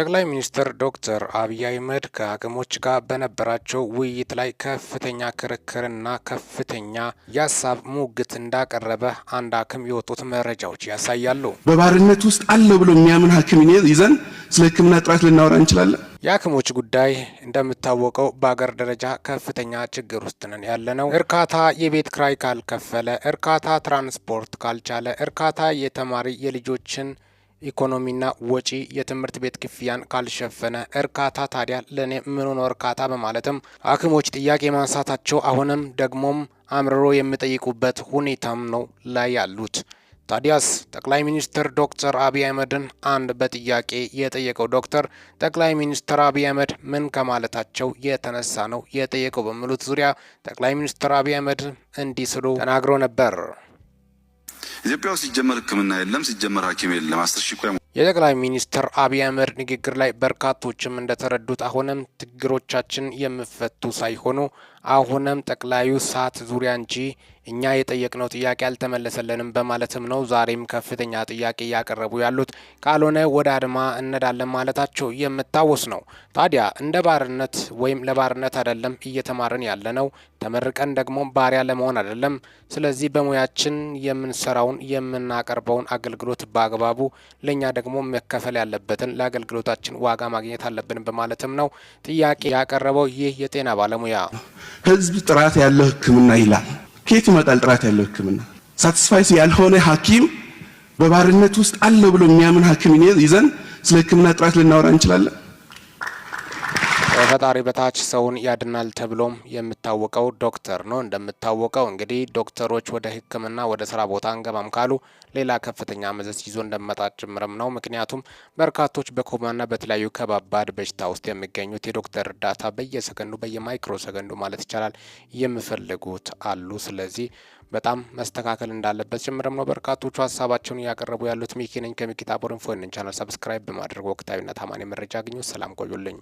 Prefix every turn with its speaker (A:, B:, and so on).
A: ጠቅላይ ሚኒስትር ዶክተር አብይ አህመድ ከሀኪሞች ጋር በነበራቸው ውይይት ላይ ከፍተኛ ክርክርና ከፍተኛ የሀሳብ ሙግት እንዳቀረበ አንድ ሀኪም የወጡት መረጃዎች ያሳያሉ።
B: በባርነት ውስጥ አለው ብሎ የሚያምን ሀኪም ይዘን ስለ ሕክምና ጥራት ልናወራ እንችላለን።
A: የሀኪሞች ጉዳይ እንደሚታወቀው በሀገር ደረጃ ከፍተኛ ችግር ውስጥ ነን ያለ ነው። እርካታ የቤት ክራይ ካልከፈለ፣ እርካታ ትራንስፖርት ካልቻለ፣ እርካታ የተማሪ የልጆችን ኢኮኖሚና ወጪ የትምህርት ቤት ክፍያን ካልሸፈነ እርካታ ታዲያ ለእኔ ምኑ ነው እርካታ? በማለትም ሐኪሞች ጥያቄ ማንሳታቸው አሁንም ደግሞም አምርሮ የሚጠይቁበት ሁኔታም ነው ላይ ያሉት። ታዲያስ ጠቅላይ ሚኒስትር ዶክተር አብይ አህመድን አንድ በጥያቄ የጠየቀው ዶክተር ጠቅላይ ሚኒስትር አብይ አህመድ ምን ከማለታቸው የተነሳ ነው የጠየቀው በሚሉት ዙሪያ ጠቅላይ ሚኒስትር አብይ አህመድ እንዲህ ስሉ ተናግሮ ነበር።
B: ኢትዮጵያ ውስጥ ሲጀመር ሕክምና የለም፣ ሲጀመር ሐኪም የለም። አስር ሺ
A: የጠቅላይ ሚኒስትር አብይ አህመድ ንግግር ላይ በርካቶችም እንደተረዱት አሁንም ችግሮቻችን የምፈቱ ሳይሆኑ አሁንም ጠቅላዩ ሰዓት ዙሪያ እንጂ እኛ የጠየቅነው ጥያቄ አልተመለሰልንም በማለትም ነው ዛሬም ከፍተኛ ጥያቄ እያቀረቡ ያሉት። ካልሆነ ወደ አድማ እንሄዳለን ማለታቸው የምታወስ ነው። ታዲያ እንደ ባርነት ወይም ለባርነት አይደለም እየተማርን ያለ ነው። ተመርቀን ደግሞ ባሪያ ለመሆን አይደለም። ስለዚህ በሙያችን የምንሰራውን የምናቀርበውን አገልግሎት በአግባቡ ለእኛ ደግሞ መከፈል ያለበትን ለአገልግሎታችን ዋጋ ማግኘት አለብን በማለትም ነው ጥያቄ ያቀረበው ይህ የጤና ባለሙያ።
B: ህዝብ ጥራት ያለው ህክምና ይላል። ከየት ይመጣል ጥራት ያለው ህክምና ሳትስፋይስ ያልሆነ ሐኪም በባርነት ውስጥ አለው ብሎ የሚያምን ሐኪም ይዘን ስለ ህክምና ጥራት ልናወራ እንችላለን?
A: ከፈጣሪ በታች ሰውን ያድናል ተብሎም የምታወቀው ዶክተር ነው። እንደምታወቀው እንግዲህ ዶክተሮች ወደ ሕክምና ወደ ስራ ቦታ አንገባም ካሉ ሌላ ከፍተኛ መዘዝ ይዞ እንደመጣ ጭምርም ነው። ምክንያቱም በርካቶች በኮማና በተለያዩ ከባባድ በሽታ ውስጥ የሚገኙት የዶክተር እርዳታ በየሰከንዱ በየማይክሮ ሰከንዱ ማለት ይቻላል የሚፈልጉት አሉ። ስለዚህ በጣም መስተካከል እንዳለበት ጭምርም ነው። በርካቶቹ ሀሳባቸውን እያቀረቡ ያሉት ሚኪነኝ ከሚኪታቦርን ፎንን ቻናል ሰብስክራይብ በማድረግ ወቅታዊና ታማኝ መረጃ አግኙ። ሰላም ቆዩልኝ።